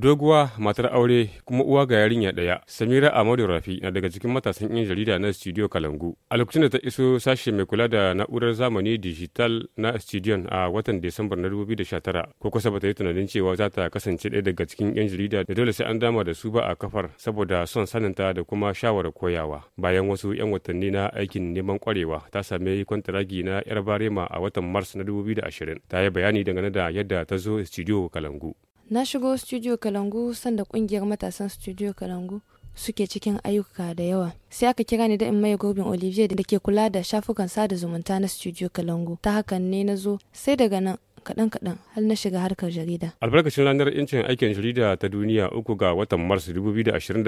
Doguwa matar aure kuma uwa ga yarinya ɗaya, Samira Amadu Rafi na daga cikin matasan 'yan jarida na Studio Kalangu. A lokacin da ta iso sashe mai kula da na'urar zamani digital na Studion a watan Desambar na 2019, ko kusa bata yi tunanin cewa za ta kasance ɗaya daga cikin 'yan jarida da dole sai an dama da su ba a kafar saboda son saninta da kuma shawarar koyawa. Bayan wasu 'yan watanni na aikin neman kwarewa, ta sami kwantaragi na 'yar barema a watan Mars na 2020. Ta yi bayani dangane da yadda ta zo Studio Kalangu. na shigo studio kalangu sanda kungiyar matasan studio kalangu suke cikin ayyuka da yawa sai aka kira ni da in maye gurbin olivier da ke kula da shafukan sada zumunta na studio kalangu ta hakan ne na zo sai daga nan kaɗan-kaɗan har na shiga harkar jarida. Albarkacin ranar 'yancin aikin jarida ta duniya uku ga watan Mars 2023,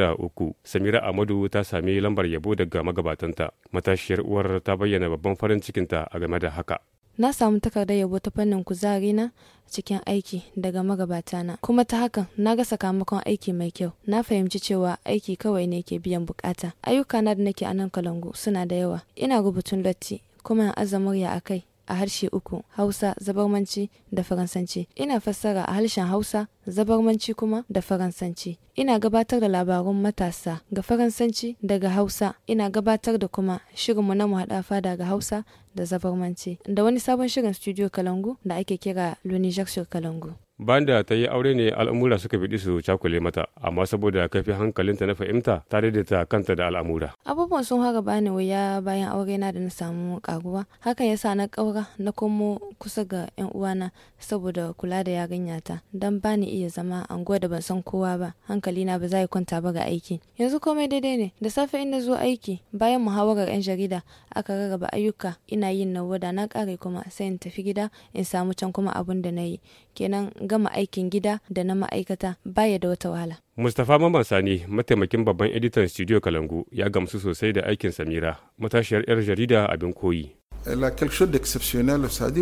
Samira Amadu ta sami lambar yabo daga magabatanta. Matashiyar uwar ta bayyana babban farin cikinta a game da haka. Na samu takardar yabo ta fannin kuzari na cikin aiki daga magabata na. kuma ta hakan na ga sakamakon aiki mai kyau. Na fahimci cewa aiki kawai ne ke biyan bukata. Ayyukana da nake a nan Kalangu suna da yawa. Ina rubutun latti kuma in aza murya a kai a harshe uku Hausa, Zabarmanci da Faransanci. Ina fassara a harshen Hausa, Zabarmanci kuma da Faransanci. Ina gabatar da labarun matasa ga Faransanci daga Hausa. Ina gabatar da kuma shirinmu na muhaɗafa daga Hausa da Zabarmanci. Da wani sabon shirin Studio Kalangu da ake kira Lunijar Kalangu. banda ta yi aure ne al'amura suka biɗi su cakule mata amma saboda kafi hankalinta na fahimta ta daidaita kanta da al'amura abubuwan sun haka ni wuya bayan aure na da na samu karuwa hakan ya sa na ƙaura na komo kusa ga yan uwana saboda kula da yarinya ta dan bani iya zama anguwa da ban san kowa ba hankali na ba za kwanta ba ga aiki yanzu komai daidai ne da safe in na zo aiki bayan muhawarar yan jarida aka rarraba ayyuka ina yin da na kare kuma sai in tafi gida in samu can kuma abun da na yi kenan gama aikin gida da na ma'aikata baya da wata wahala. Mustapha Mamman Sani, mataimakin babban editan Studio Kalangu, ya gamsu sosai da aikin Samira, matashiyar 'yar jarida abin koyi.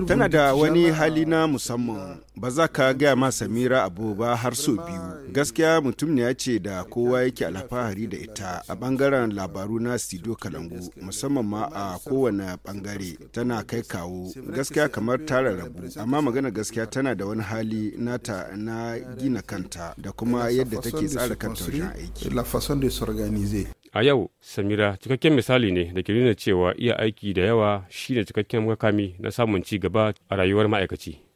tana da wani hali na musamman ba za ka gaya ma samira abu ba har so biyu gaskiya mutum ne ya ce da kowa yake alfahari da ita a bangaren labaru na studio kalangu musamman ma a kowane bangare tana kai kawo gaskiya kamar tara rabu amma magana gaskiya tana da wani hali nata na gina kanta da kuma yadda take tsara kanta wajen aiki A yau, Samira cikakken misali ne da ke nuna cewa iya aiki da yawa shine cikakken makami na samun ci gaba a rayuwar ma'aikaci.